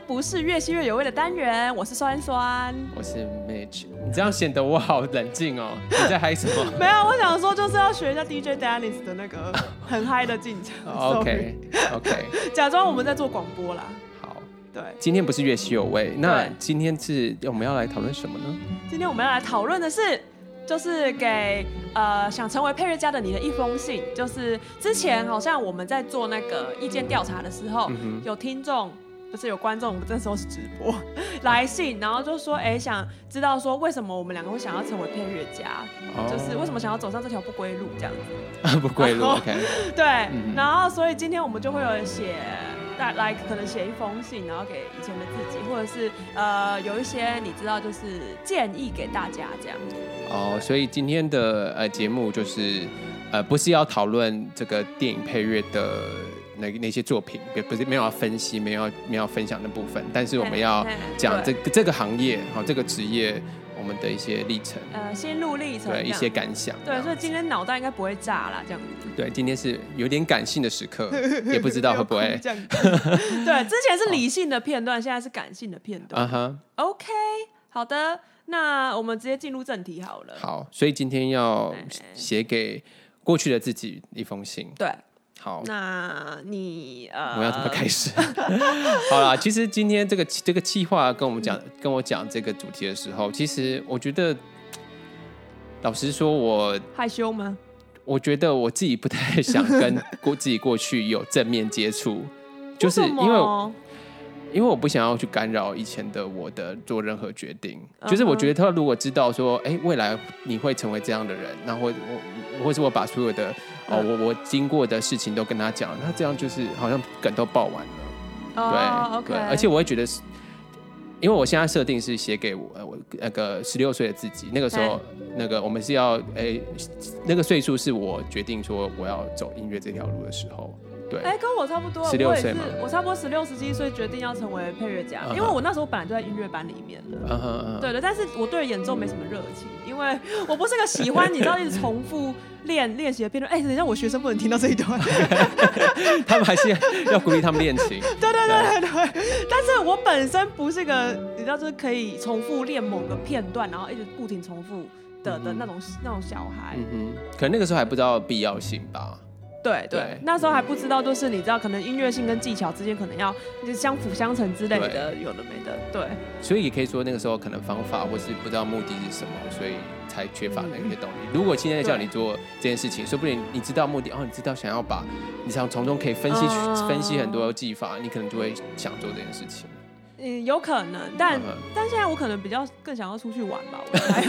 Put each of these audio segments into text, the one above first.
不是越吸越有味的單元，我是酸酸，我是 m c h，你這樣顯得我好冷靜哦，你在嗨什麼？ 沒有，我想說就是要學一下 DJ d a n n i s 的那個很嗨的進程。 oh, OK OK， 假裝我們在做廣播啦。好，對，今天不是越吸有味，那今天是我們要來討論什麼呢？今天我們要來討論的是，就是給呃想成為配瑞家的你的一封信。就是之前好像我們在做那個意見調查的時候，嗯、有聽眾。就是有觀眾，我們這時候是直播 來信，然後就說，哎、欸，想知道說為什麼我們兩個會想要成為配樂家，oh, 就是為什麼想要走上這條不歸路這樣子。 不歸路、okay. 對、嗯，然後所以今天我們就會有寫，來、like, 可能寫一封信，然後給以前的自己，或者是呃有一些你知道就是建議給大家這樣子。哦、oh,，所以今天的呃節目就是呃不是要討論這個電影配樂的。那那些作品也不是沒有要分析，沒有要沒有要分享的部分，但是我們要講這這個行業，好，這個職業我們的一些歷程，呃，心路歷程，對一些感想，對，所以今天腦袋應該不會炸了，這樣子，對，今天是有點感性的時刻， 也不知道會不會，對，之前是理性的片段，現在是感性的片段，嗯哼，OK，好的，那我們直接進入正題好了，好，所以今天要寫給過去的自己一封信，對。好，那你呃，uh... 我要怎麼開始？ 好啦，其實今天這個這個企劃跟我們講、嗯、跟我講這個主題的時候，其實我覺得，老實說我，我害羞嗎？我覺得我自己不太想跟過自己過去有正面接觸， 就是因為因為我不想要去干擾以前的我的做任何決定。就是我覺得他如果知道說，哎、欸，未來你會成為這樣的人，那我我，我或是我把所有的。哦，我我經過的事情都跟他講，他這樣就是好像梗都爆完了，oh, 對、okay. 對，而且我會覺得是，因為我現在設定是寫給我我那個十六歲的自己，那個時候、欸、那個我們是要誒、欸、那個歲數是我決定說我要走音樂這條路的時候。哎、欸，跟我差不多，我也是，我差不多十六、十七歲決定要成為配樂家、啊，因為我那時候本來就在音樂班裡面了。啊、對的，但是我對演奏沒什麼熱情、嗯，因為我不是個喜歡你知道一直重複練練習的片段。哎、欸，等一下，我學生不能聽到這一段， 他們還是要鼓勵他們練琴 對對對對。對對對對 但是我本身不是個、嗯、你知道，就是可以重複練某個片段，然後一直不停重複的嗯嗯的那種那種小孩。嗯，嗯，嗯可能那個時候還不知道必要性吧。對對，對，那時候還不知道，就是你知道，可能音樂性跟技巧之間可能要就相輔相成之類的，有的沒的。對，所以也可以說那個時候可能方法或是不知道目的是什麼，所以才缺乏那些東西。嗯。如果現在叫你做這件事情，說不定你知道目的，哦，你知道想要把你想從中可以分析、uh... 分析很多技法，你可能就會想做這件事情。嗯，有可能，但呵呵但現在我可能比較更想要出去玩吧，我來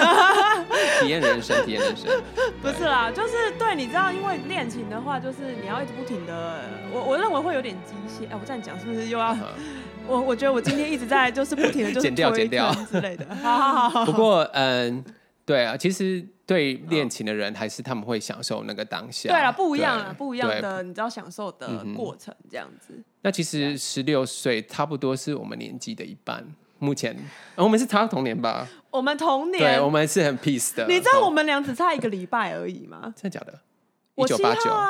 體驗人生，體驗人生，不是啦，就是對你知道，因為戀情的話，就是你要一直不停的，我我認為會有點機械。哎、呃，我這樣講是不是又要？呵呵我我覺得我今天一直在就是不停的就剪掉剪掉之類的。 好好好好。不過嗯，對啊，其實。對戀情的人，還是他們會享受那個當下。對了、啊，不一樣、啊，不一樣的，你知道享受的過程、嗯、這樣子。那其實十六歲差不多是我們年紀的一半。目前、哦、我們是差同年吧？ 我們同年，對，我們是很 peace 的。你知道我們倆只差一個禮拜而已嗎？真 的假的？1989, 我七號啊，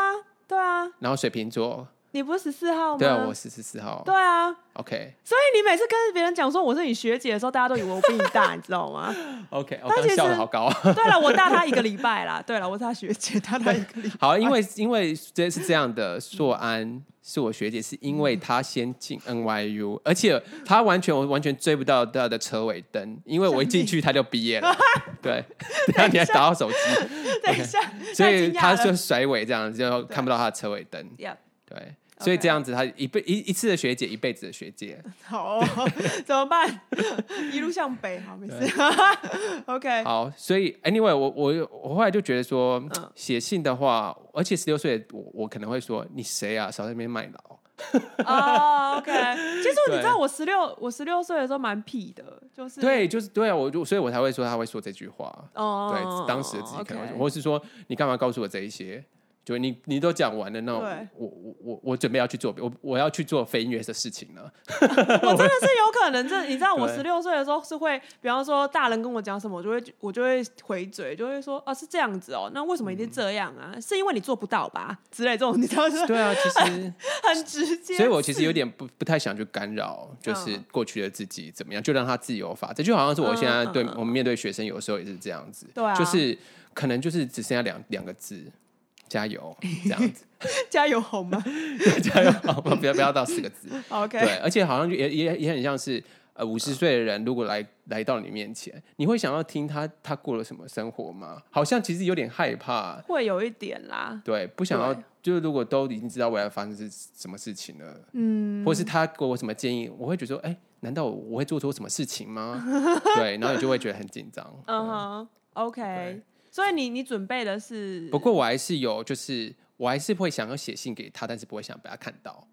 對啊。然後水瓶座。你不是十四號嗎？對啊，我是十四號。對啊。OK。所以你每次跟別人講說我是你學姐的時候，大家都以為我比你大， 你知道嗎？OK。我剛笑得好高、啊。對了，我大他一個禮拜啦。對了，我是他學姐，大他一個禮拜。好，因為因為這是這樣的，碩安是我學姐，是因為她先進 NYU，、嗯、而且她完全我完全追不到她的車尾燈，因為我一進去她就畢業了 對等下。對，然後你還打我手機，等一下 okay,，所以他就甩尾這樣，就看不到他的車尾燈。對。Yep. 對 Okay. 所以這樣子，他一輩一一次的學姐，一輩子的學姐。好、哦，怎麼辦？一路向北，好，沒事。 OK。好，所以 Anyway，我我我後來就覺得說，寫、嗯、信的話，而且十六歲，我我可能會說，你誰啊，少在那邊賣老。哦 OK 其實你知道，我十六我十六歲的時候蠻痞的，就是。對，就是對啊，我就所以，我才會說他會說這句話。哦、oh，。對，oh, 當時自己可能會，okay. 或是說你幹嘛告訴我這一些？就你你都講完了，那我我我我準備要去做，我我要去做非音樂的事情了。 我真的是有可能，這你知道，我十六歲的時候是會，比方說大人跟我講什麼，我就會我就會回嘴，就會說啊是這樣子哦、喔，那為什麼一定這樣啊、嗯？是因為你做不到吧？之類這種，你知道嗎？對啊，其實 很，很直接。所以我其實有點不不太想去干擾，就是過去的自己怎麼樣，嗯、就讓他自由發。這就好像是我現在對嗯嗯嗯我們面對學生，有時候也是這樣子，對、嗯嗯，就是可能就是只剩下兩兩個字。加油，這樣子。 加油好嗎？ 加油好嗎，不要不要到四個字。 OK。對，而且好像也也也很像是，呃，五十歲的人如果來、嗯、來到你面前，你會想要聽他他過了什麼生活嗎？好像其實有點害怕，會有一點啦。對，不想要，就是如果都已經知道未來發生是什麼事情了，嗯，或是他給我什麼建議，我會覺得說，哎、欸，難道我，我會做錯什麼事情嗎？ 對，然後你就會覺得很緊張。嗯 哼、uh -huh.，OK。所以你你準備的是？不過我還是有，就是我還是會想要寫信給他，但是不會想被他看到。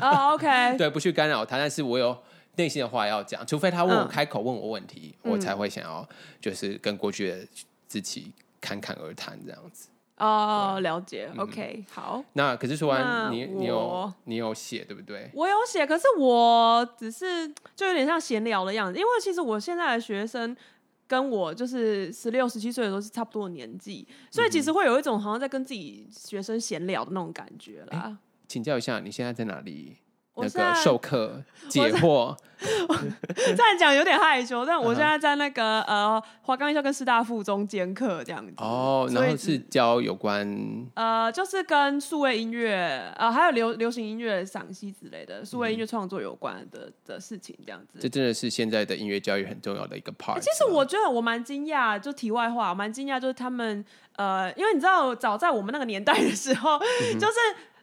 哦、 oh,，OK，對，不去干擾他。但是我有內心的話要講，除非他問我開口、嗯、問我問題，我才會想要就是跟過去的自己侃侃而談這樣子。哦、嗯，嗯 oh, 了解、嗯、，OK，好。那可是說完你你有你有寫對不對？我有寫，可是我只是就有點像閒聊的樣子，因為其實我現在的學生。跟我就是十六、十七歲的時候是差不多的年紀。嗯哼，所以其實會有一種好像在跟自己學生閒聊的那種感覺啦。欸？請教一下，你現在在哪裡？那個授課解惑在，這樣講有點害羞。 但我現在在那個、uh -huh. 呃，華岡藝校跟師大附中兼課這樣子。哦、oh,，然後是教有關呃，就是跟數位音樂呃，還有流流行音樂賞析之類的，數位音樂創作有關的、嗯、的事情這樣子。這真的是現在的音樂教育很重要的一個 part、欸。其實我覺得我蠻驚訝，就題外話，蠻驚訝就是他們呃，因為你知道，早在我們那個年代的時候，嗯、就是。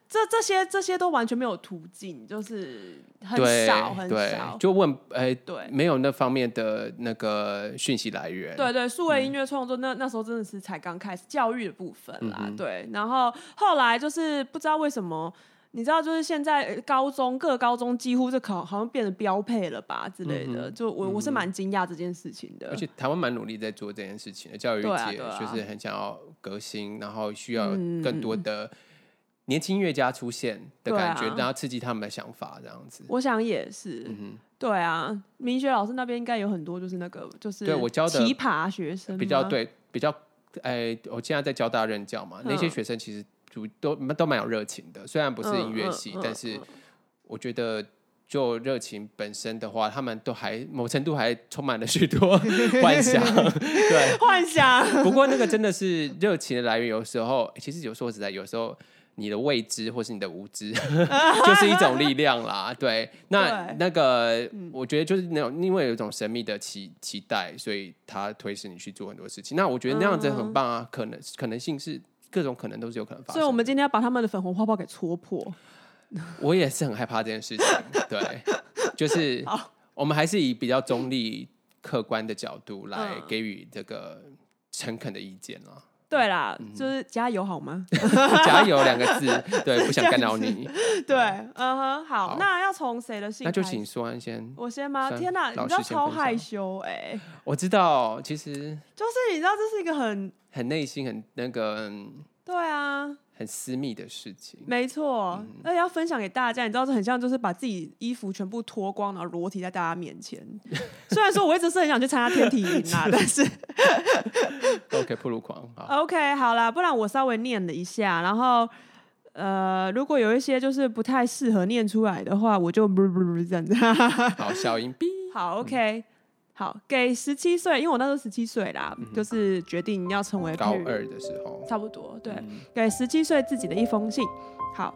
這這些這些都完全沒有途徑，就是很少很少，就問哎，對，沒有那方面的那個訊息來源。對對，數位音樂創作、嗯、那那時候真的是才剛開始，教育的部分啦嗯嗯。對，然後後來就是不知道為什麼，你知道，就是現在高中各高中幾乎是考，好像變得標配了吧之類的。嗯嗯，就我、嗯、我是蠻驚訝這件事情的，而且台灣蠻努力在做這件事情的，教育界就是很想要革新，然後需要更多的、嗯。年輕音樂家出現的感覺、啊，然後刺激他們的想法，這樣子。我想也是，嗯、對啊，明學老師那邊應該有很多，就是那個，就是對我教的琵琶學生比較對，比較哎、欸，我現在在交大任教嘛，嗯、那些學生其實都都蠻有熱情的，雖然不是音樂系、嗯嗯嗯，但是我覺得就熱情本身的話，他們都還某程度還充滿了許多 幻想，對，幻想。 不過那個真的是熱情的來源，有時候、欸、其實有說實在，有時候。你的未知或是你的無知， 就是一種力量啦。 對，那對那個、嗯，我覺得就是那種因為有一種神秘的期期待，所以他推使你去做很多事情。那我覺得那樣子很棒啊，嗯、可能可能性是各種可能都是有可能發生。所以，我們今天要把他們的粉紅泡泡給戳破。 我也是很害怕這件事情，對， 就是我們還是以比較中立、客觀的角度來給予這個誠懇的意見啊。嗯對啦、嗯，就是加油，好嗎？ 加油兩個字， 對，不想干擾你對。對，嗯哼，好，那要從誰的心？那就請酸先，我先嗎？天哪、啊，你知道超害羞哎、欸！我知道，其實就是你知道，這是一個很很內心很那個很。對啊，很私密的事情，沒錯、嗯。而且要分享給大家，你知道，這很像就是把自己衣服全部脫光，然後裸體在大家面前。 雖然說我一直是很想去參加天體營啦、啊， 是但是 OK 暴露狂，好，OK 好了，不然我稍微念了一下，然後呃，如果有一些就是不太適合念出來的話，我就不不不這樣子。好，小音，好，OK。嗯好，給十七歲，因為我那時候十七歲啦、嗯，就是決定要成為 P, 高二的時候，差不多，對，嗯、給十七歲自己的一封信。好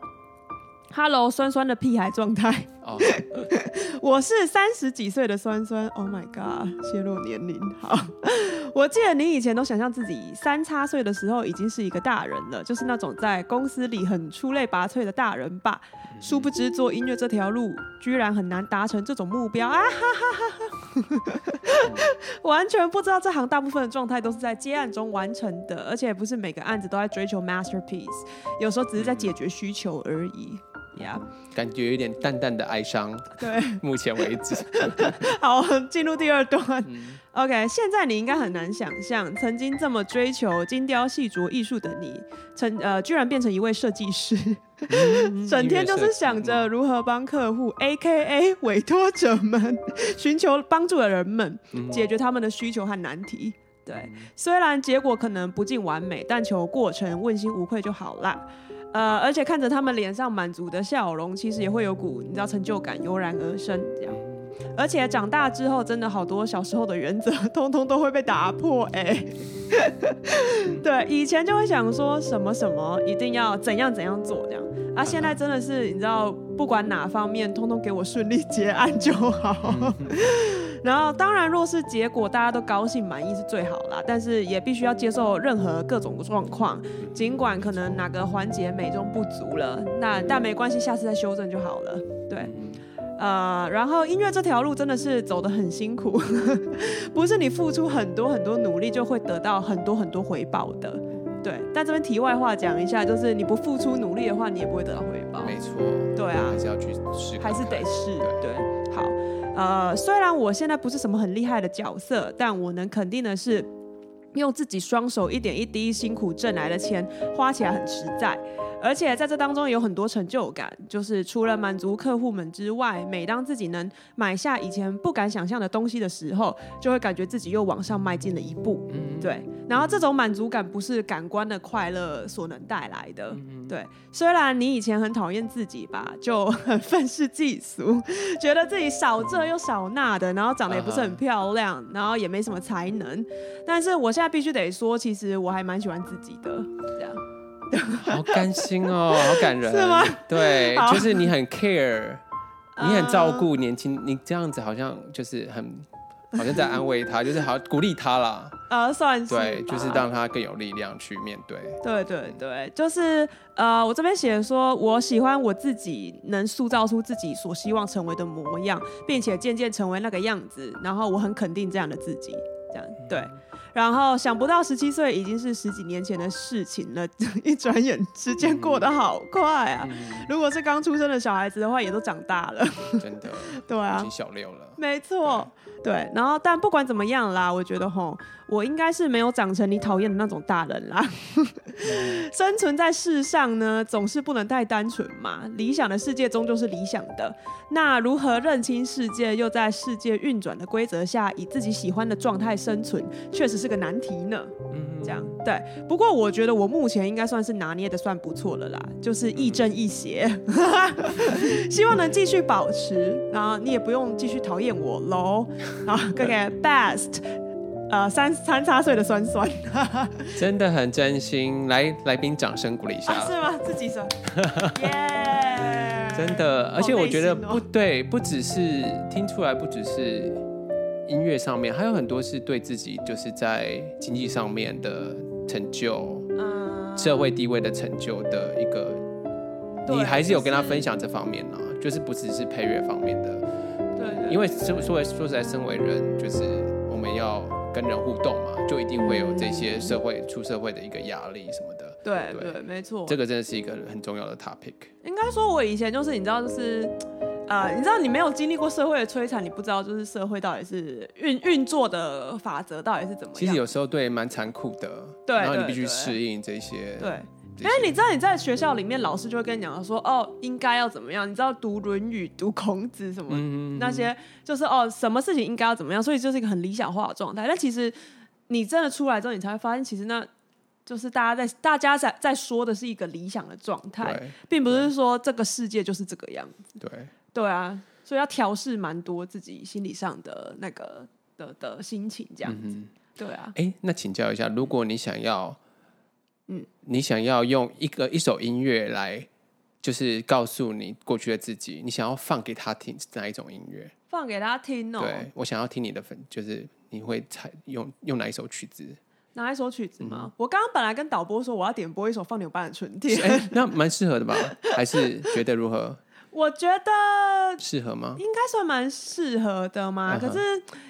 ，Hello，酸酸的屁孩狀態，oh, okay. 我是三十幾歲的酸酸，Oh my god，洩露年齡，好。我記得你以前都想象自己三十八歲的時候已經是一個大人了，就是那種在公司裡很出類拔萃的大人吧。殊不知做音樂這條路居然很難達成這種目標啊！哈哈哈哈， 完全不知道這行大部分的狀態都是在接案中完成的，而且不是每個案子都在追求 masterpiece，有時候只是在解決需求而已。呀、yeah，感覺有點淡淡的哀傷。對，目前為止。 好，進入第二段、嗯。OK，現在你應該很難想象，曾經這麼追求精雕細琢藝術的你，成呃，居然變成一位設計師， 整天就是想着如何幫客戶，AKA 委託者們，尋求幫助的人們，解決他們的需求和難題。對，嗯、雖然結果可能不盡完美，但求過程問心無愧就好啦。呃，而且看着他們臉上滿足的笑容，其實也會有股你知道成就感油然而生這樣。而且長大之後，真的好多小時候的原則，通通都會被打破哎。欸嗯、 對，以前就會想說什麼什麼一定要怎樣怎樣做這樣，啊、嗯，現在真的是你知道不管哪方面，通通給我順利結案就好。嗯 然後，當然，若是結果大家都高興滿意是最好啦，但是也必須要接受任何各種狀況，儘管可能哪個環節美中不足了，那但沒關係，下次再修正就好了。對，呃，然後音樂這條路真的是走得很辛苦， 不是你付出很多很多努力就會得到很多很多回報的。對，但這邊題外話講一下，就是你不付出努力的話，你也不會得到回報。沒錯，對啊，還是要去試，試，還是得試，對。對，好，呃，雖然我現在不是什麼很厲害的角色，但我能肯定的是，用自己雙手一點一滴辛苦掙來的錢，花起來很實在。而且在這當中有很多成就感，就是除了滿足客戶們之外，每當自己能買下以前不敢想象的東西的時候，就會感覺自己又往上邁進了一步。嗯，對。然後這種滿足感不是感官的快樂所能帶來的。對，雖然你以前很討厭自己吧，就很憤世嫉俗，覺得自己少這又少那的，然後長得也不是很漂亮，然後也沒什麼才能，但是我現在必須得說，其實我還蠻喜歡自己的。這樣。 好甘心哦，好感人，是嗎？對，就是你很 care，你很照顧年輕，uh, 你這樣子好像就是很，好像在安慰他， 就是好鼓勵他啦。呃、uh，算是對，就是讓他更有力量去面對。對對對，對，就是呃，我這邊寫說，我喜歡我自己能塑造出自己所希望成為的模樣，並且漸漸成為那個樣子，然後我很肯定這樣的自己，這樣對。嗯然後想不到十七歲已經是十幾年前的事情了，一轉眼時間過得好快啊！嗯、如果是剛出生的小孩子的話，也都長大了，真的， 對啊，小六了，沒錯對，對。然後，但不管怎麼樣啦，我覺得吼。我應該是沒有長成你討厭的那種大人啦。 生存在世上呢，總是不能太單純嘛。理想的世界終究是理想的。那如何認清世界，又在世界運轉的規則下，以自己喜歡的狀態生存，確實是個難題呢。嗯、mm -hmm.，這樣對。不過我覺得我目前應該算是拿捏得算不錯了啦，就是亦正亦邪， 希望能繼續保持。然後你也不用繼續討厭我嘍。好後各、 okay, best 啊，三三叉歲的酸酸， 真的很真心。來，來賓掌聲鼓勵一下、啊。是嗎？自己說。耶、yeah！ 真的，而且我覺得不、喔、不對，不只是聽出來，不只是音樂上面，還有很多是對自己就是在經濟上面的成就、嗯，社會地位的成就的一個。嗯、你還是有跟他分享這方面呢、啊就是，就是不只是配樂方面的。對、對。因為說說說實在，身為人，就是我們要。跟人互動嘛，就一定會有這些社會、嗯、出社會的一個壓力什麼的。對對，對，沒錯，這個真的是一個很重要的 topic。應該說，我以前就是你知道，就是啊、呃，你知道你沒有經歷過社會的摧殘，你不知道就是社會到底是運運作的法則到底是怎麼樣？其實有時候對蠻殘酷的對，然後你必須適應這些。對。對對對因為你知道，你在學校裡面，老師就會跟你講說，哦，應該要怎麼樣？你知道讀《論語》、讀孔子什麼那些，就是哦，什麼事情應該要怎麼樣？所以就是一個很理想化的狀態。但其實你真的出來之後，你才會發現，其實那就是大家在大家在在說的是一個理想的狀態，並不是說這個世界就是這個樣子。對對啊，所以要調適蠻多自己心理上的那個的的心情，這樣子。對啊、嗯。哎、欸，那請教一下，如果你想要。嗯，你想要用一個一首音樂來，就是告訴你過去的自己，你想要放給他聽哪一種音樂？放給他聽哦。對，我想要聽你的粉，就是你會採用用哪一首曲子？哪一首曲子嗎？嗯。我剛剛本來跟導播說我要點播一首《放牛班的春天》，哎，那蠻適合的吧？ 還是覺得如何？我覺得適合嗎？應該算蠻適合的嘛、嗯。可是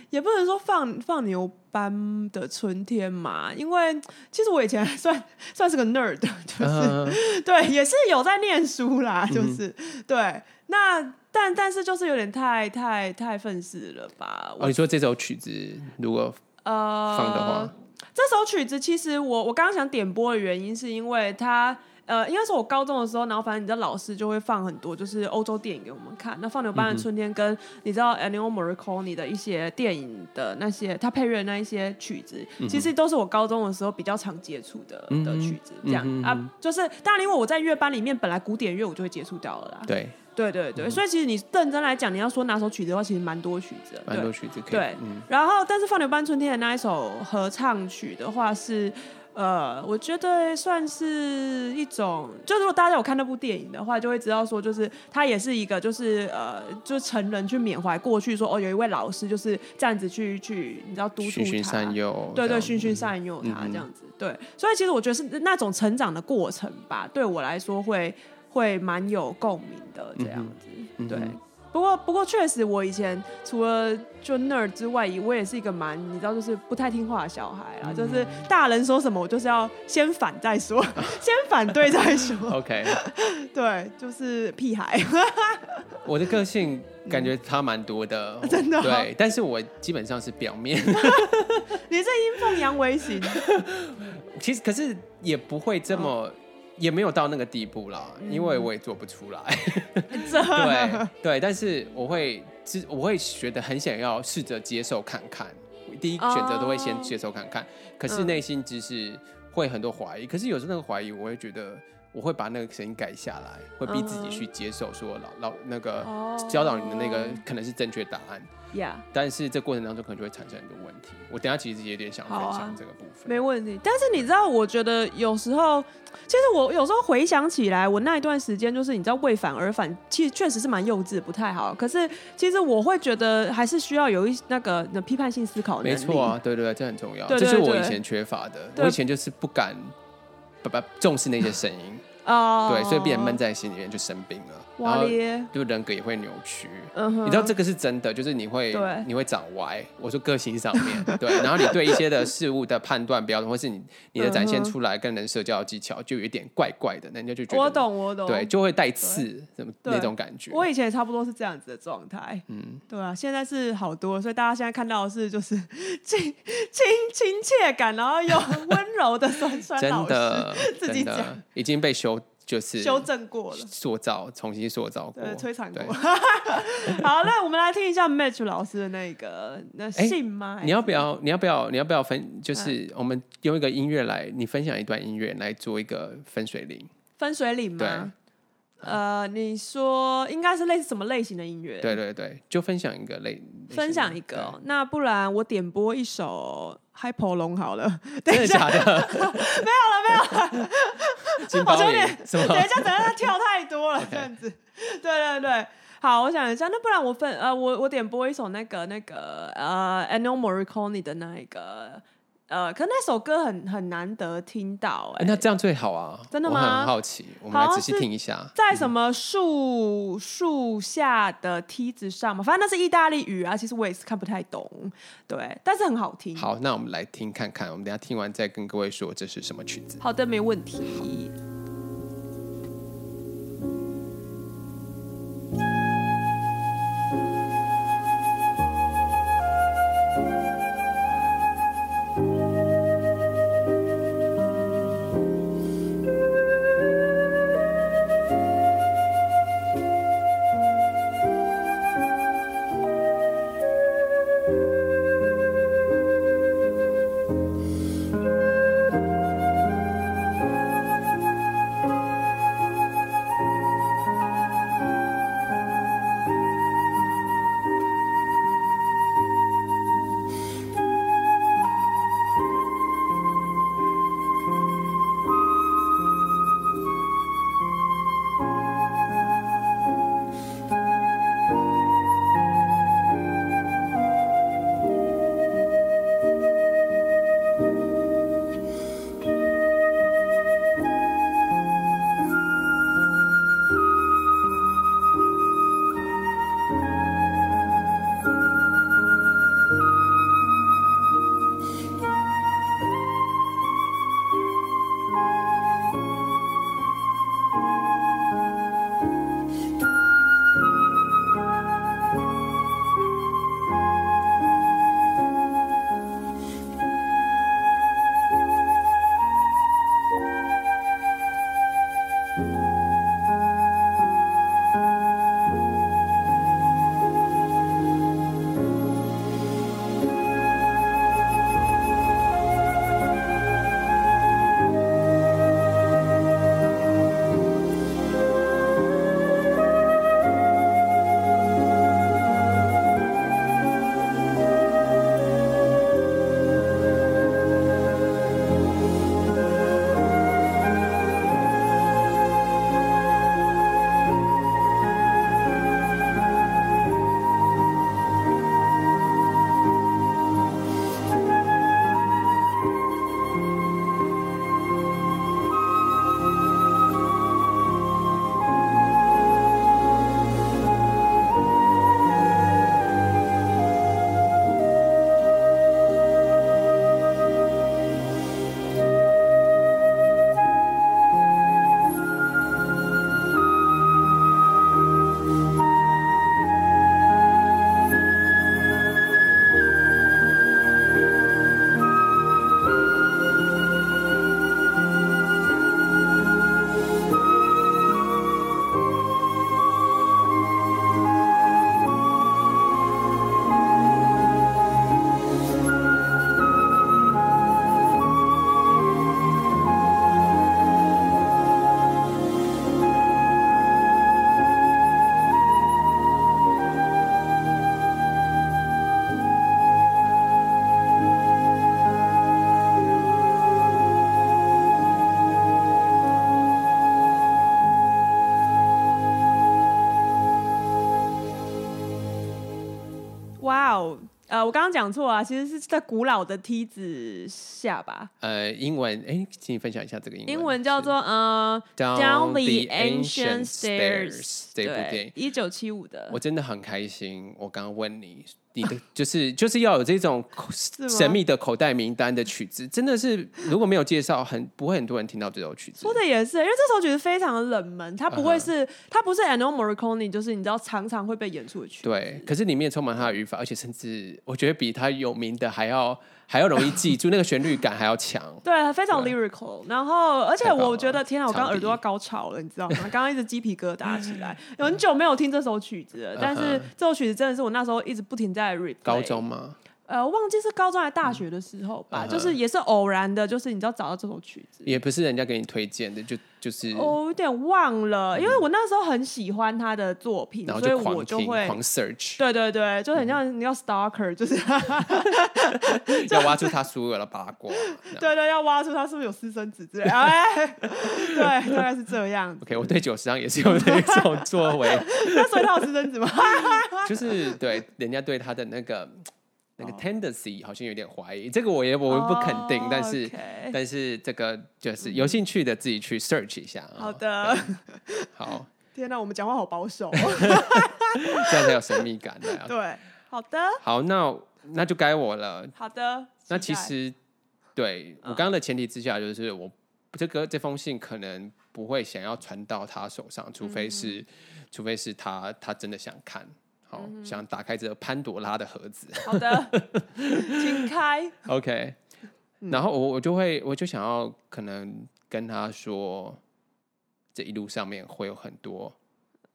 也不能說放放牛班的春天嘛，因為其實我以前算算是個 nerd，就是、嗯、 對，也是有在唸書啦，就是、嗯、對。那但但是就是有點太太太憤世了吧我、哦？你說這首曲子如果呃放的話、呃，這首曲子其實我我剛剛想點播的原因是因為它。呃，應該是我高中的時候，然後反正你的老師就會放很多就是歐洲電影給我們看。那《放牛班的春天》跟、嗯、你知道 Ennio Morricone 的一些電影的那些，他配樂那一些曲子、嗯，其實都是我高中的時候比較常接觸的、嗯、的曲子。這樣、嗯、啊，就是當然因為我在樂班裡面本來古典樂我就會接觸到了啦。對對對對、嗯，所以其實你認真來講，你要說哪首曲子的話，其實蠻多曲子，蠻多曲子可以。對，嗯、對然後但是《放牛班春天》的那一首合唱曲的話是。呃，我覺得算是一種，就如果大家有看那部電影的話，就會知道說，就是他也是一個，就是呃，就成人去緬懷過去說，說哦，有一位老師就是這樣子去去，去你知道督促他，循循善誘，對對，循循善誘他嗯嗯這樣子，對，所以其實我覺得是那種成長的過程吧，對我來說會會蠻有共鳴的這樣子，嗯嗯對。嗯嗯不過，不過確實，我以前除了就那兒之外，我也是一個蠻，你知道，就是不太聽話的小孩啊，嗯。就是大人說什麼，我就是要先反再說， 先反對再說。OK， 對，就是屁孩。 我的個性感覺差蠻多的，嗯啊，真的。對，但是我基本上是表面。 你是陰奉陽違型。 其實，可是也不會這麼。啊也沒有到那個地步啦、嗯，因為我也做不出來。 對對，但是我會，我會覺得很想要試着接受看看，第一選擇都會先接受看看，哦、可是內心只是會很多懷疑、嗯。可是有時候那個懷疑，我會覺得。我會把那個聲音改下來，會逼自己去接受說老老、Uh-huh. 那個教導你的那個可能是正確答案。Oh. Yeah. 但是這過程當中可能就會產生很多問題。我等下其實也有點想分享好、啊、這個部分。沒問題，但是你知道，我覺得有時候，其實我有時候回想起來，我那一段時間就是你知道為反而反，其實確實是蠻幼稚，不太好。可是其實我會覺得還是需要有一那個那個批判性思考的能力。沒錯啊，對對對，這很重要對對對對。這是我以前缺乏的，我以前就是不敢。爸爸重視那些聲音，oh. 對，所以被人悶在心裡面就生病了。然後就人格也會扭曲、嗯哼，你知道這個是真的，就是你會對你會長歪。我說個性上面 對，然後你對一些的事物的判斷標準、嗯，或是你你的展現出來跟人社交的技巧，就有點怪怪的，人家就覺得我懂我懂，對，就會帶刺，什麼那種感覺。我以前差不多是這樣子的狀態，嗯，對啊，現在是好多，所以大家現在看到的是就是親親親切感，然後有溫柔的酸酸老師 真的，自己講真的已經被修。就是修正過了，塑造，重新塑造過，摧殘過。 好，那我們來聽一下 Mitch 老師的那個，那信嗎？欸是？你要不要？你要不要？你要不要分？就是我們用一個音樂來，你分享一段音樂來做一個分水嶺、啊。分水嶺嗎？對，呃，你說應該是類似什麼類型的音樂？對，對對對，就分享一個類，類型分享一個。那不然我點播一首。嗨，婆隆好了，等一下真的假的、 啊，沒有了，沒有了， 好像有點，等一下，等一下，他跳太多了，這樣子。Okay. 對對對，好，我想一下，那不然我分呃，我我點播一首那個那個呃，Ennio Morricone 的那一個。呃，可那首歌很很難得聽到，欸，哎、欸，那這樣最好啊，真的嗎？我很好奇，我們來仔細聽一下，啊，在什麼樹樹，嗯、下的梯子上嘛，反正那是意大利語啊，其實我也是看不太懂，對，但是很好聽。好，那我們來聽看看，我們等一下聽完再跟各位說這是什麼曲子。好的，沒問題。嗯我剛剛講錯啊，其實是在古老的梯子下吧。呃，英文，哎、欸，請你分享一下這個英文，英文叫做呃《uh, Down, Down the Ancient, ancient Stairs, stairs》這部電影，一九七五的。我真的很開心，我剛剛問你。你的就是就是要有這種神秘的口袋名單的曲子，真的是如果沒有介紹，很不會很多人聽到這首曲子。說的也是，因為這首曲子非常的冷門，它不會是，uh -huh. 它不是 Ennio Morricone，就是你知道常常會被演出的曲子。對，可是裡面充滿它的語法，而且甚至我覺得比它有名的還要還要容易記住， 那個旋律感還要強。對，非常 lyrical。然後，而且我覺得天啊，我剛耳朵要高潮了，你知道嗎？剛剛一直雞皮疙瘩起來， 有很久沒有聽這首曲子了。Uh -huh. 但是這首曲子真的是我那時候一直不停在高中嗎？呃，我忘記是高中還是大學的時候吧、嗯，就是也是偶然的，就是你知道找到這首曲子，也不是人家給你推薦的，就就是、oh, 我有點忘了、嗯，因為我那時候很喜歡他的作品，然後就狂所以我就會狂 search，對對對，就很像、嗯、你要 stalker，就是、 就是、要挖出他所有的八卦， 對，對對，要挖出他是不是有私生子之類， 對，大概是這樣子。OK，我對久石讓也是有這種作為，那所以他有私生子嗎？ 就是對，人家對他的那個。那個 tendency 好像有點懷疑，oh. 這個我也我不肯定，oh, 但是、okay. 但是這個就是有興趣的自己去 search 一下、哦。好的， 好。天哪、啊，我們講話好保守、哦， 這樣才有神秘感的、啊。對，好的。好，那那就該我了、嗯。好的。那其實，對，我剛剛的前提之下，就是我這個這封信可能不會想要傳到他手上，除非是、嗯、除非是他他真的想看。嗯、想打開這個潘朵拉的盒子。好的，請 開。OK，、嗯、然後我我就會我就想要可能跟他說，這一路上面會有很多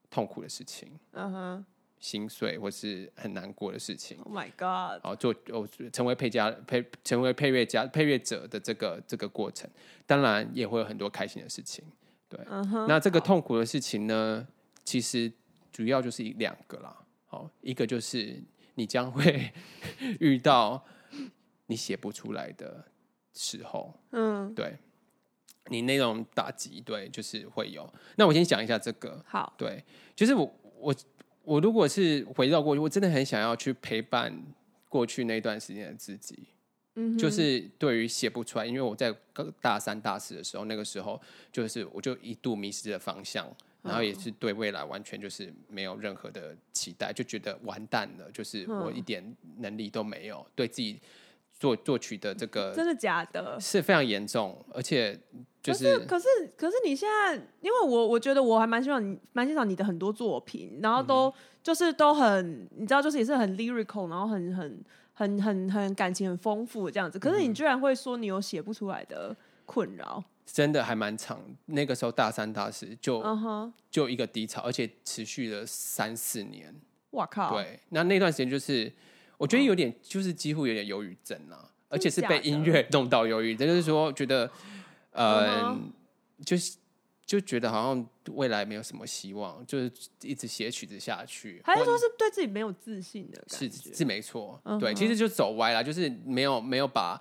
痛苦的事情，嗯哼，心碎或是很難過的事情。Oh my god！哦，做哦成為配家配成為配樂家配樂者的這個這個過程，當然也會有很多開心的事情。對，嗯哼。那這個痛苦的事情呢，其實主要就是一兩個啦。好，一個就是你將會呵呵遇到你寫不出來的時候，嗯，對，你那種打擊，對，就是會有。那我先講一下這個，好，對，就是我我我如果是回到過去，我真的很想要去陪伴過去那段時間的自己，嗯，就是對於寫不出來，因為我在大三大四的時候，那個時候就是我就一度迷失了方向。然後也是對未來完全就是沒有任何的期待，就覺得完蛋了，就是我一點能力都沒有，對自己作作曲的這個、嗯、真的假的是非常嚴重，而且就是可是可是，可是你現在，因為我我覺得我還蠻希望你，蠻欣賞你的很多作品，然後都、嗯、就是都很，你知道，就是也是很 lyrical，然後很很很很很感情很豐富這樣子、嗯。可是你居然會說你有寫不出來的困擾。真的還蠻長，那個時候大三大四就、uh -huh. 就一個低潮，而且持續了三四年。哇靠！對，那那段時間就是我覺得有點、uh -huh. 就是幾乎有點憂鬱症啊，而且是被音樂弄到憂鬱症，就是說覺得嗯、uh -huh. 呃，就是就覺得好像未來沒有什麼希望，就是一直寫曲子下去，還是說是對自己沒有自信的感覺，是，是沒錯。Uh -huh. 對，其實就走歪了，就是沒有沒有把。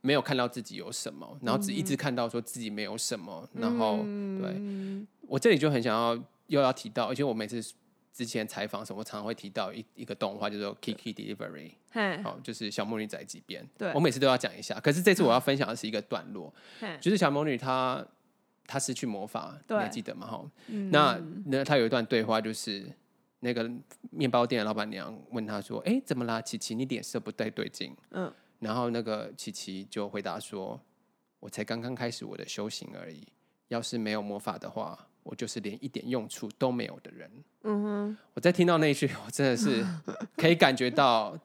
沒有看到自己有什麼，然後只一直看到說自己沒有什麼。嗯、然後對，我這裡就很想要又要提到，而且我每次之前採訪的時候，我常常會提到一一個動畫，就是 Kiki Delivery，好、哦，就是小魔女宅急便。對，我每次都要講一下，可是這次我要分享的是一個段落，嗯、就是小魔女她她失去魔法對，你還記得嗎？哈、嗯，那那她有一段對話，就是那個麵包店的老闆娘問她說：“哎，怎麼啦，琪琪？你臉色不太對勁。”嗯。然後那個琪琪就回答說：“我才剛剛開始我的修行而已，要是沒有魔法的話，我就是連一點用處都沒有的人。”嗯哼，我在聽到那一句，我真的是可以感覺到，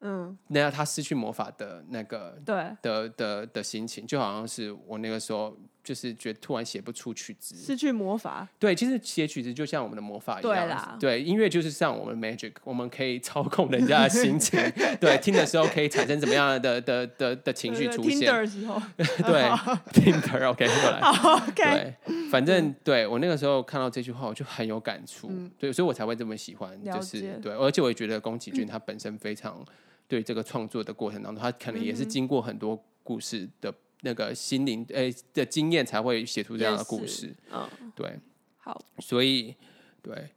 嗯，那他失去魔法的那個對的的的的的心情，就好像是我那個時候。就是覺得突然寫不出曲子，失去魔法。對，其實寫曲子就像我們的魔法一樣，對,啦對，音樂就是像我們 magic，我們可以操控人家的心情。 對, 對，聽的時候可以產生怎麼樣的 的的的,的情緒出現的對對對時候， 對 Tinder，OK 過來，OK。反正對我那個時候看到這句話，我就很有感觸、嗯，對，所以我才會這麼喜歡，就是對，而且我也覺得宮崎駿他本身非常對這個創作的過程當中，他可能也是經過很多故事的。那個心靈誒的經驗，才會寫出這樣的故事 yes, 嗯，嗯，對，好，所以對，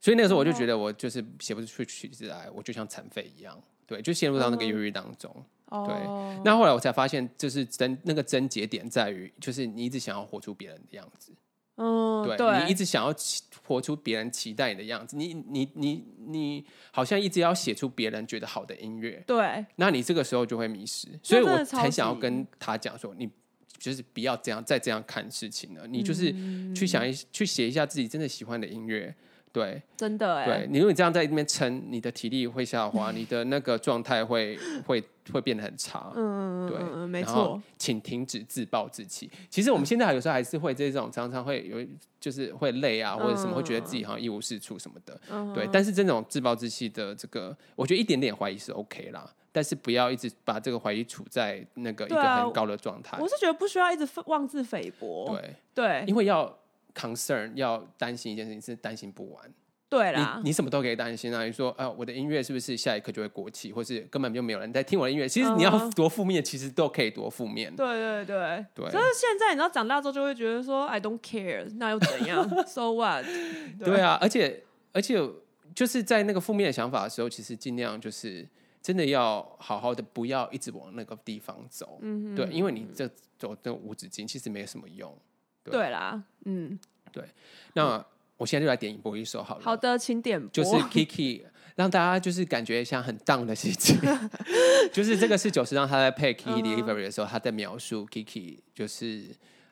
所以那個時候我就覺得我就是寫不出曲子來，我就像殘廢一樣，對，就陷入到那個憂鬱當中，oh. 對。那後來我才發現，就是真那個癥結點在於，就是你一直想要活出別人的樣子。嗯、對，對，你一直想要活出別人期待的樣子，你你你你好像一直要寫出別人覺得好的音樂，對，那你這個時候就會迷失，所以我才想要跟他講說，你就是不要這樣再這樣看事情了，你就是去想一、嗯、去寫一下自己真的喜歡的音樂。對，真的哎、欸，對，你如果這樣在那邊撐，你的體力會下滑，你的那個狀態會 會會變得很差。嗯嗯對，嗯沒錯，請停止自暴自棄。其實我們現在有時候還是會這種、嗯，常常會有就是會累啊，或者什麼會覺得自己好像一無是處什麼的、嗯。對，但是這種自暴自棄的這個，我覺得一點點懷疑是 OK 啦，但是不要一直把這個懷疑處在那個一個很高的狀態、啊。我是覺得不需要一直妄自菲薄。對對，因為要。Concern 要擔心一件事情是擔心不完，對啦，你，你什麼都可以擔心啊，你說，呃，我的音樂是不是下一刻就會過期，或是根本就沒有人在聽我的音樂？其實你要多負面，其實都可以多負面。Uh... 對對對，所可是現在你知道長大之後就會覺得說，I don't care，那又怎樣 ？So what？對，對啊，而且而且就是在那個負面的想法的時候，其實盡量就是真的要好好的，不要一直往那個地方走。嗯哼，對，因為你這走這無止境，其實沒有什麼用。對，對啦，嗯，對，那、嗯、我現在就來點播一首好了。好的，請點播，就是 Kiki，讓大家就是感覺像很 down 的事情， 就是這個是久石讓他在配 Kiki、uh、Delivery -huh. 的時候，他在描述 Kiki 就是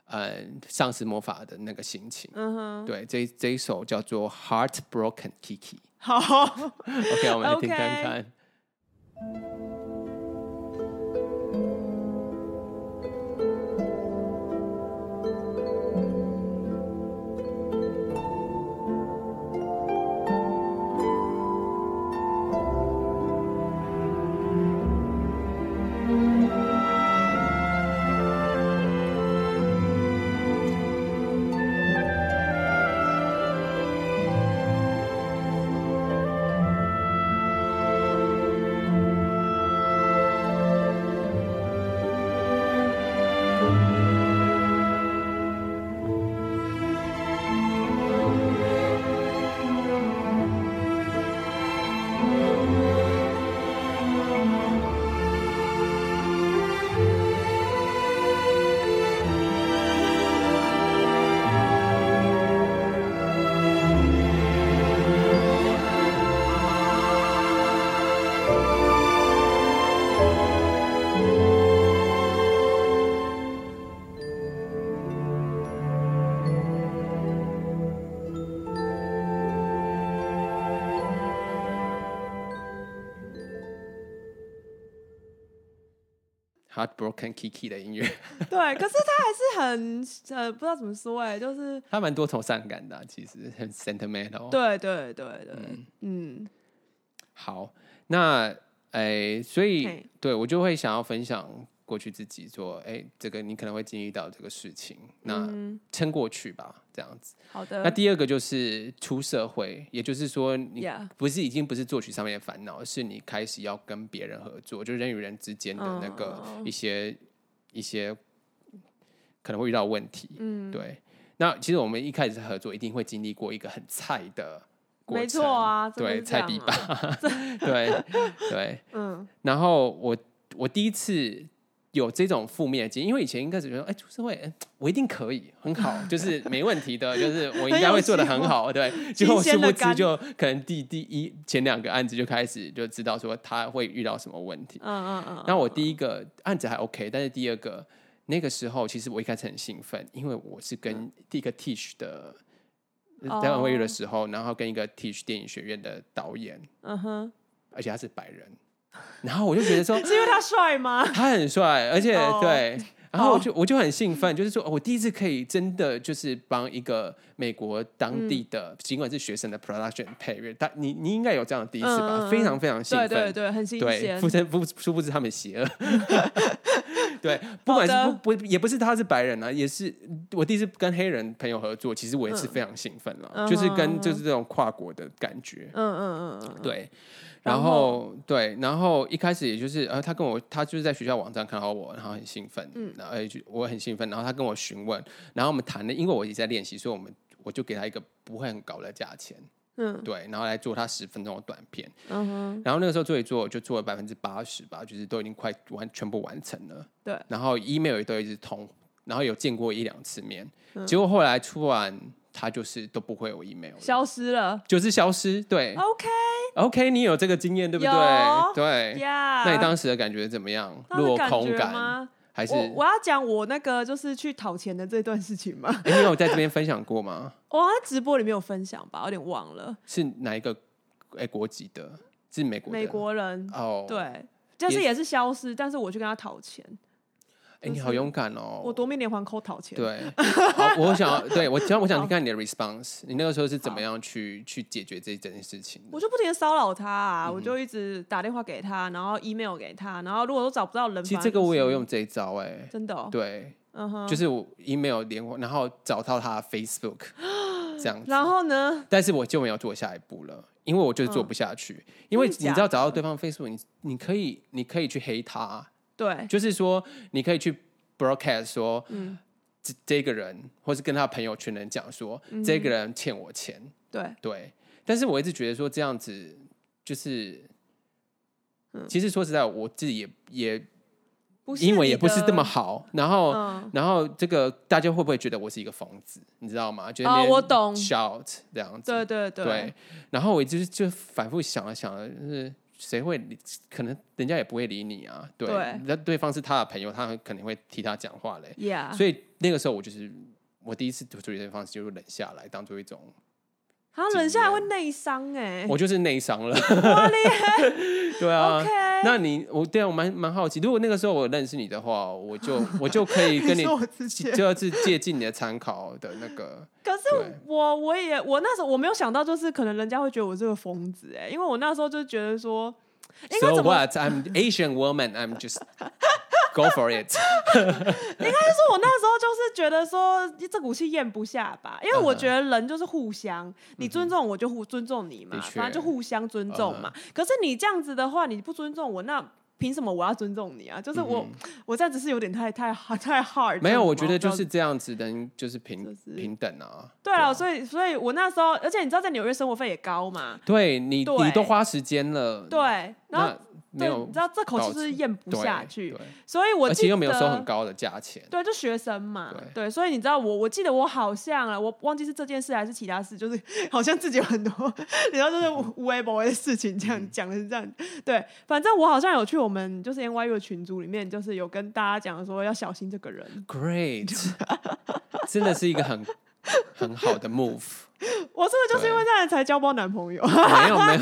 呃喪失魔法的那個心情。Uh -huh. 對，這一這一首叫做 Heartbroken Kiki。好、oh. ，OK，我們來聽看看。Okay. Not、broken Kiki 的音樂，對， 可是他還是很呃，很不知道怎麼說、欸，哎，就是他蠻多愁善感的、啊，其實很 sentimental。對,對，對,對，對，對，嗯，好，那哎、欸，所以對我就會想要分享。過去自己說，哎、欸，這個你可能會經歷到這個事情，那撐過去吧，嗯，這樣子。好的。那第二個就是出社會，也就是說，你不是已經不是作曲上面的煩惱，是你開始要跟別人合作，就人與人之間的那個一些、嗯、一些可能會遇到問題。嗯，對。那其實我們一開始合作，一定會經歷過一個很菜的過程，沒錯啊，啊，對，菜比吧，啊， 對對。嗯。然後我我第一次。有這種負面的經驗，因為以前應該只覺得，哎，出社會，哎、 欸，我一定可以，很好，就是沒問題的，就是我應該會做得很好，對。結果我殊不知，就可能第第一前兩個案子就開始就知道說他會遇到什麼問題。嗯嗯嗯。那、嗯、我第一個案子還 OK，但是第二個那個時候，其實我一開始很興奮，因為我是跟第一個 Teach 的 Deadline Week 的時候，然後跟一個 Teach 電影學院的導演，嗯哼，而且他是白人。然後我就覺得說， 是因為他帥嗎？他很帥，而且、oh, 對。然後我就、oh. 我就很興奮，就是說我第一次可以真的就是幫一個美國當地的，嗯、儘管是學生的 production、嗯、配樂，但你你應該有這樣的第一次吧？嗯、非常非常興奮，對，對，對，很新鮮，不生不殊不知他們邪惡。 對，不管是不不，也不是他是白人啊，也是我第一次跟黑人朋友合作，其實我也是非常興奮了、啊嗯，就是跟、嗯、就是這種跨國的感覺，嗯嗯嗯嗯，對，然後，然後對，然後一開始也就是呃、啊，他跟我，他就是在學校網站看到我，然後很興奮，嗯，然後也就我很興奮，然後他跟我詢問，然後我們談了，因為我一直在練習，所以我們我就給他一個不會很高的價錢。嗯、對，然後來做他十分鐘的短片，嗯哼、然後那個時候做一做，就做了百分之八十吧，就是都已經快完，全部完成了。對，然後 email 也都一直通，然後有見過一兩次面，嗯、結果後來突然他就是都不會有 email，消失了，就是消失。對，OK，OK，okay? Okay, 你有這個經驗對不對？對、yeah，那你當時的感覺怎麼樣？落空感？感還是我，我要講我那個就是去討錢的這段事情嗎？欸，你有在這邊分享過嗎？我 ，oh, 直播裡面有分享吧，有點忘了，是哪一個哎國籍的？是美國，美國人哦，oh, 對，就是也是消失，是但是我去跟他討錢。哎，你好勇敢哦！我奪命連環扣討錢。對， 好，我想要，對我，想我想去看你的 response、oh. 你那個時候是怎麼樣去去解決這整件事情？我就不停的騷擾他啊，啊、嗯，我就一直打電話給他，然後 email 給他，然後如果都找不到人吧，其實這個我也有用這招哎、欸，真的、哦、對、uh-huh，就是我 email 連環，然後找到他 Facebook 這樣子，然後呢？但是我就沒有做下一步了，因為我就是做不下去、嗯，因為你知道找到對方 Facebook，你你可以你可以去黑他。對，就是說，你可以去 broadcast 說、嗯，這這個人，或是跟他朋友圈人講說，嗯、這個人欠我錢。對，對。但是我一直覺得說這樣子，就是、嗯，其實說實在，我自己也也，英文也不是這麼好。然後，嗯、然後這個大家會不會覺得我是一個瘋子？你知道嗎？覺得、哦、我懂 shout 這樣子？對對對。對嗯、然後我就直、是、就反覆想了想了，想了就是。.誰會理？可能人家也不會理你啊。對，對那對方是他的朋友，他肯定會替他講話嘞。Yeah. 所以那個時候，我就是我第一次處理的方式就是冷下來，當做一種。然後冷下來會內傷哎，我就是內傷了， 對啊。OK，那你我對啊，我蠻蠻好奇，如果那個時候我認識你的話，我就我就可以跟你， 你就是借鑑你的參考的那個。可是我我也我那時候我沒有想到，就是可能人家會覺得我是個瘋子哎、欸，因為我那時候就覺得說，So what? I'm Asian woman. I'm just. Go for it！應該說，我那時候就是覺得說，這股氣嚥不下吧，因為我覺得人就是互相，uh -huh. 你尊重我就互尊重你嘛，反、uh、正 -huh. 就互相尊重嘛。Uh -huh. 可是你這樣子的話，你不尊重我，那憑什麼我要尊重你啊？就是我，uh -huh. 我這樣子是有點太太太 hard。沒有，我覺得就是這樣子的，就是平、就是、平等啊。對啊，所以、啊、所以，所以我那時候，而且你知道，在紐約生活費也高嘛。對你對，你都花時間了。對。然後，對，你知道這口氣是咽不下去，對對，所以我而且又沒有收很高的價錢，對，就學生嘛，對，對，所以你知道我，我記得我好像啊，我忘記是這件事還是其他事，就是好像自己有很多， 你知道就是、嗯、無謂的事情，這樣講、嗯、的是這樣，對，反正我好像有去我們就是 NYU 的群組裡面，就是有跟大家講說要小心這個人，Great， 真的是一個很。很好的 move，我說的就是因為這樣才交不到男朋友？沒有沒有，沒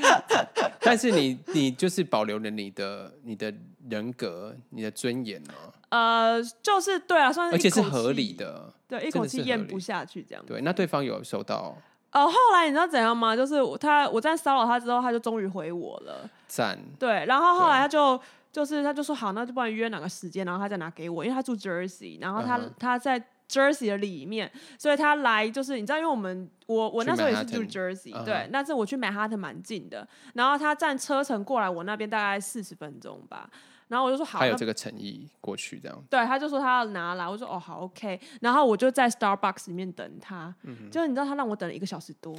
有 但是你你就是保留了你的你的人格，你的尊嚴呢、啊？呃，就是對啊，算是而且是合理的，對，一口氣咽不下去這樣。對，那對方有收到？哦、呃，後來你知道怎樣嗎？就是我他我在騷擾他之後，他就終於回我了，讚。對，然後後來他就就是他就說好，那就不然約哪個時間，然後他再拿給我，因為他住 Jersey，然後他、嗯、他在。Jersey 的裡面，所以他來就是你知道，因為我們我我那時候也是住 Jersey，對，那、uh、次 -huh. 我去曼哈頓蠻近的，然後他站車程過來我那邊大概四十分鐘吧，然後我就說好，他有這個誠意過去這樣，對，他就說他要拿來，我說哦好 OK，然後我就在 Starbucks 裡面等他、嗯，就你知道他讓我等了一個小時多，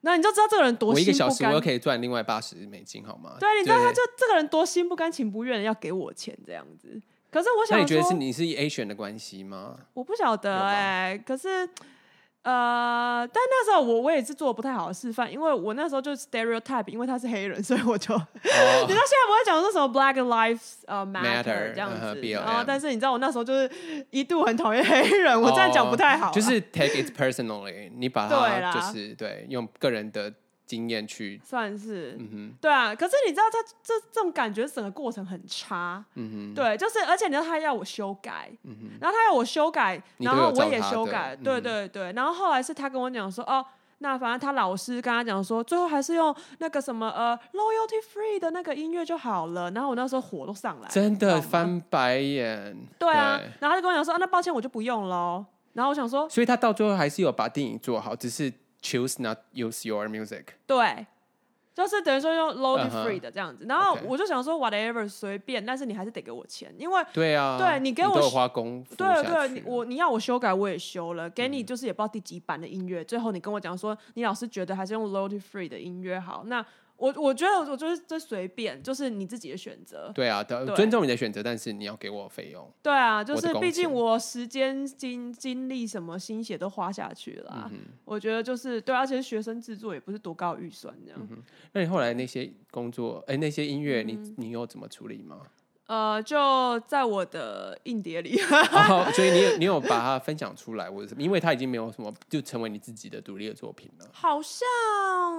那 你就知道這個人多心不甘，我一個小時我又可以賺另外八十美金好嗎？對，你知道他就這個人多心不甘情不願的要給我錢這樣子。可是我想，那你覺得是你是 A 選的關係嗎？我不曉得哎、欸，可是呃，但那時候我我也是做不太好的示範，因為我那時候就 stereotype，因為他是黑人，所以我就、oh, 你知道現在不會講說什麼 Black Lives 呃 Matter 這樣子啊、uh -huh, 嗯，但是你知道我那時候就是一度很討厭黑人，我這樣講不太好，oh, 就是 take it personally，你把它就是對，對用個人的。經驗去算是，嗯哼，對啊。可是你知道，他這這種感覺，整個過程很差，嗯哼，對，就是，而且你知道，他要我修改，嗯哼，然後他要我修改，然後，然後我也修改、嗯，對對對。然後後來是他跟我講說，哦，那反正他老師跟他講說，最後還是用那個什麼呃，royalty free 的那個音樂就好了。然後我那時候火都上來，真的翻白眼。對啊，對然後他就跟我講說，啊，那抱歉，我就不用嘍。然後我想說，所以他到最後還是有把電影做好，只是。Choose not use your music，對，就是等於說用 load free 的這樣子。Uh-huh, 然後我就想說 whatever 隨便，但是你還是得給我錢，因為對啊，對你給我你花工，對對，你我你要我修改我也修了，給你就是也不知道第幾版的音樂，最後你跟我講說你老師覺得還是用 load free 的音樂好，那。我我覺得我覺得就是這隨便，就是你自己的選擇。對啊對，尊重你的選擇，但是你要給我費用。對啊，就是畢竟我時間、精精力、什麼心血都花下去了、啊。嗯，我覺得就是對、啊，而且學生製作也不是多高預算這樣、嗯。那你後來那些工作，哎、欸，那些音樂、嗯、你你有怎麼處理嗎？呃，就在我的硬碟裡。好、 oh, 所以你有你有把它分享出來，或者什麼？因為它已經沒有什麼，就成為你自己的獨立的作品了。好像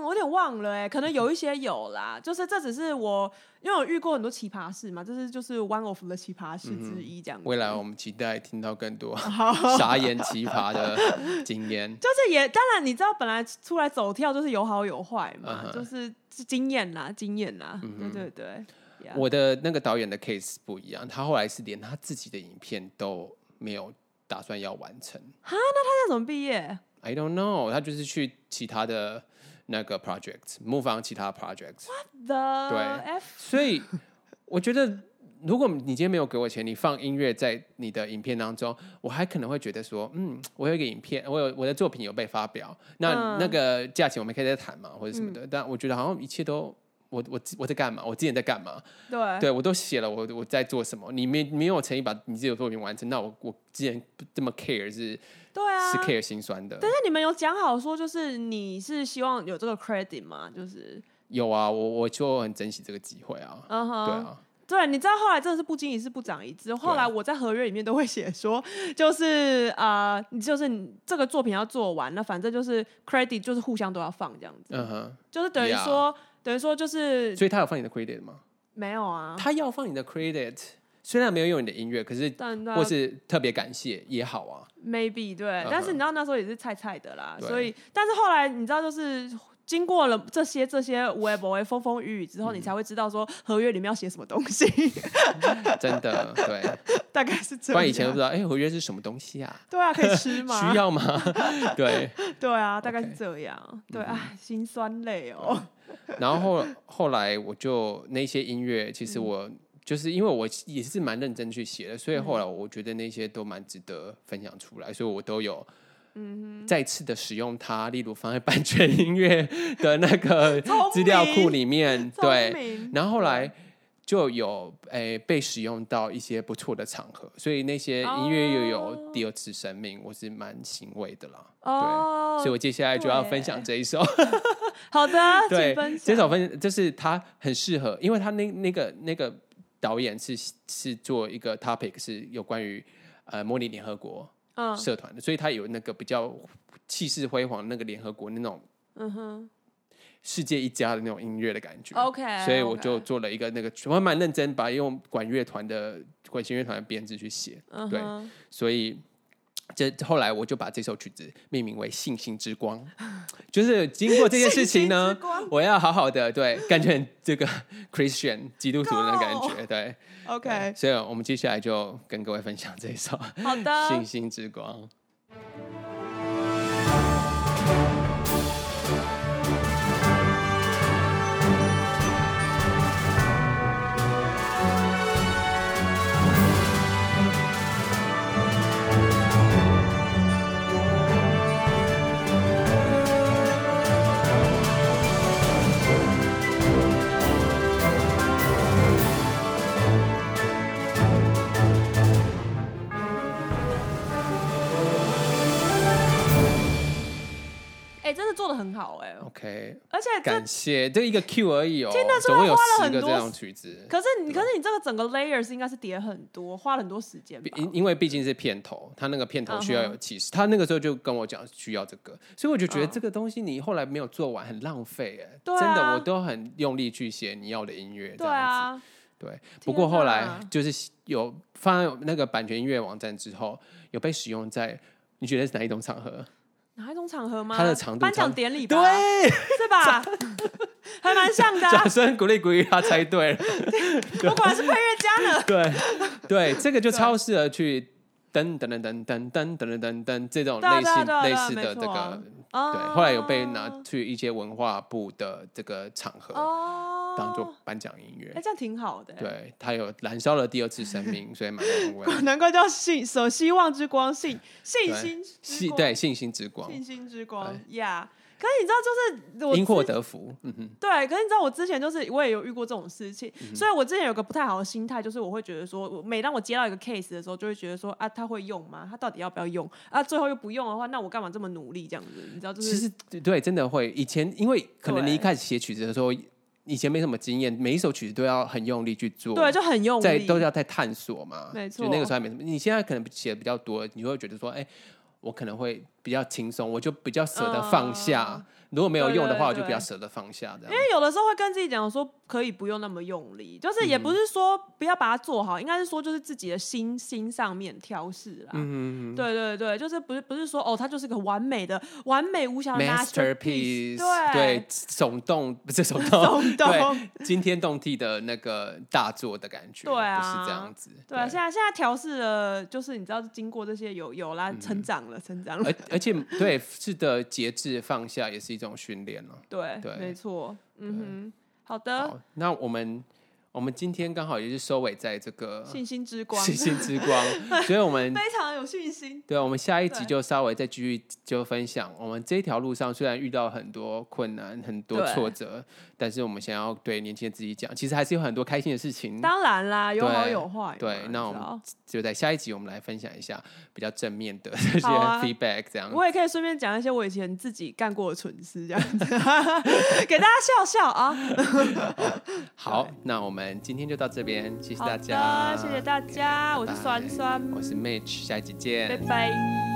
我有點忘了哎、欸，可能有一些有啦。 就是這只是我，因為我遇過很多奇葩事嘛，這是就是 one of the 奇葩事之一這樣、嗯。未來我們期待聽到更多 傻眼奇葩的經驗。 就是也當然你知道，本來出來走跳就是有好有壞嘛，uh-huh. 就是經驗啦，經驗啦、嗯，對對對。Yeah. 我的那個導演的 case 不一樣，他後來是連他自己的影片都沒有打算要完成。哈、huh?，那他要怎麼畢業？I don't know，他就是去其他的那個 project，move on 其他 project。What the？對，F、所以我覺得，如果你今天沒有給我錢，你放音樂在你的影片當中，我還可能會覺得說，嗯，我有一個影片，我有我的作品有被發表，那、嗯、那個價錢我們可以再談嘛，或者什麼的。嗯、但我覺得好像一切都。我我我在幹嘛？我之前在幹嘛？對，對我都寫了，我我在做什麼？你沒你沒有誠意把你自己的作品完成，那我我之前這麼 care 是，對啊，是 care 心酸的。但是你們有講好說，就是你是希望有這個 credit 嗎？就是有啊，我我就很珍惜這個機會啊。嗯哼，對啊，對，你知道後來真的是不經一事不長一智。後來我在合約裡面都會寫說，就是呃，就是啊，你就是這個作品要做完了，反正就是 credit 就是互相都要放這樣子。嗯哼，就是等於說。Yeah. 等於說就是，所以他有放你的 credit 嗎？沒有啊，他要放你的 credit，雖然沒有用你的音樂，可是但或是特別感謝也好啊。Maybe 對，uh -huh. 但是你知道那時候也是菜菜的啦，所以，但是後來你知道，就是經過了這些這些有的沒的風風雨雨之後、嗯，你才會知道說合約裡面要寫什麼東西。 真的對， 大概是這樣。不然以前都不知道，哎、欸，合約是什麼東西啊？對啊，可以吃嗎？ 需要嗎？ 對對啊，大概是這樣。Okay. 對啊，心酸淚哦、喔。 然後後，後來我就那些音樂，其實我、嗯、就是因為我也是蠻認真去寫的，所以後來我覺得那些都蠻值得分享出來，所以我都有再次的使用它，例如放在版權音樂的那個資料庫裡面，對。然後，後來。就有、欸、被使用到一些不錯的場合，所以那些音樂又有第二次生命、oh，我是蠻欣慰的啦。哦、oh，所以，我接下來就要分享這一首。 好的、啊，對，請分享。對、請分享，這首分就是他很適合，因為他那那個那個導演是是做一個 topic 是有關於呃模擬聯合國社團的，oh. 所以他有那個比較氣勢輝煌那個聯合國那種，嗯哼。世界一家的那種音樂的感覺，OK，所以我就做了一個那個，okay. 我還蠻認真把用管樂團的管弦樂團的編制去寫，uh -huh. 對，所以這後來我就把這首曲子命名為《信心之光》，就是經過這件事情呢， 我要好好的對，感覺這個 Christian 基督徒的感覺，對、Go!，OK，對，所以我們接下來就跟各位分享這一首好的，《信心之光》。哎、欸，真的做得很好哎、欸。OK，而且感謝這一個 Q 而已哦。聽的有候花了很多這種曲子。可是你，可是你這個整個 layers 應該是疊很多，花了很多時間。因因為畢竟是片頭，他那個片頭需要有氣勢，uh -huh. 他那個時候就跟我講需要這個，所以我就覺得這個東西你後來沒有做完，很浪費哎、欸。對、uh -huh. 真的，我都很用力去寫你要的音樂這樣子。對啊。對。不過後來就是有放那個版權音樂網站之後，有被使用在你覺得是哪一種場合？哪一種場合嗎？他的長度長，頒獎典禮，對，是吧？ 還蠻像的啊。掌聲鼓勵鼓勵，他猜對了。不 管對 是配樂家呢，對對，這個就超適合去噔噔噔噔噔噔噔噔噔這種類似類似的這個。對，後來有被拿去一些文化部的這個場合。哦當做頒獎音樂，哎、哦欸，這樣挺好的。對，他有燃燒了第二次生命，所以蠻難過的。難怪叫信，守希望之光，信信心之光，信對信心之光，信心之光 y、yeah. 可是你知道，就是因禍得福，嗯哼。對，可是你知道，我之前就是我也有遇過這種事情，嗯、所以我之前有個不太好的心態，就是我會覺得說，我每當我接到一個 case 的時候，就會覺得說啊，他會用嗎？他到底要不要用？啊，最後又不用的話，那我幹嘛這麼努力這樣子？你知道、就是，其實對，真的會。以前因為可能你一開始寫曲子的時候。以前沒什麼經驗，每一首曲子都要很用力去做，對，就很用力，在都要在探索嘛。沒錯，就那個時候還沒什麼。你現在可能寫的比較多，你會覺得說，哎、欸，我可能會比較輕鬆，我就比較捨得放下。呃如果沒有用的話，我就比較捨得放下的。因為有的時候會跟自己講說，可以不用那麼用力，就是也不是說不要把它做好，應該是說就是自己的心心上面調試啦。嗯對對對，就是不是不是說哦，它就是個完美的、完美無瑕 masterpiece 對。對，聳動不是聳動，聳動，對，驚天動地的那個大作的感覺，對啊，是這樣子。對，對現在現在調試了，就是你知道，經過這些有有啦，成長了，嗯、成長了，而而且對， 是的，節制放下也是一。這種訓練了，對對，沒錯，嗯哼，好的，好那我們。.我們今天剛好也是收尾在這個信心之光，信心之光， 所以我們非常有信心。對，我們下一集就稍微再繼續就分享。我們這條路上雖然遇到很多困難、很多挫折，但是我們想要對年輕的自己講，其實還是有很多開心的事情。當然啦，有好有壞。對，對，那我們就在下一集，我們來分享一下比較正面的這些 feedback。這樣子、啊，我也可以順便講一些我以前自己幹過的蠢事，這樣子 給大家笑笑啊。 好，好，那我們。今天就到這邊，謝謝大家，謝謝大家 okay, 拜拜，我是酸酸，我是 Mitch，下一集見，拜拜。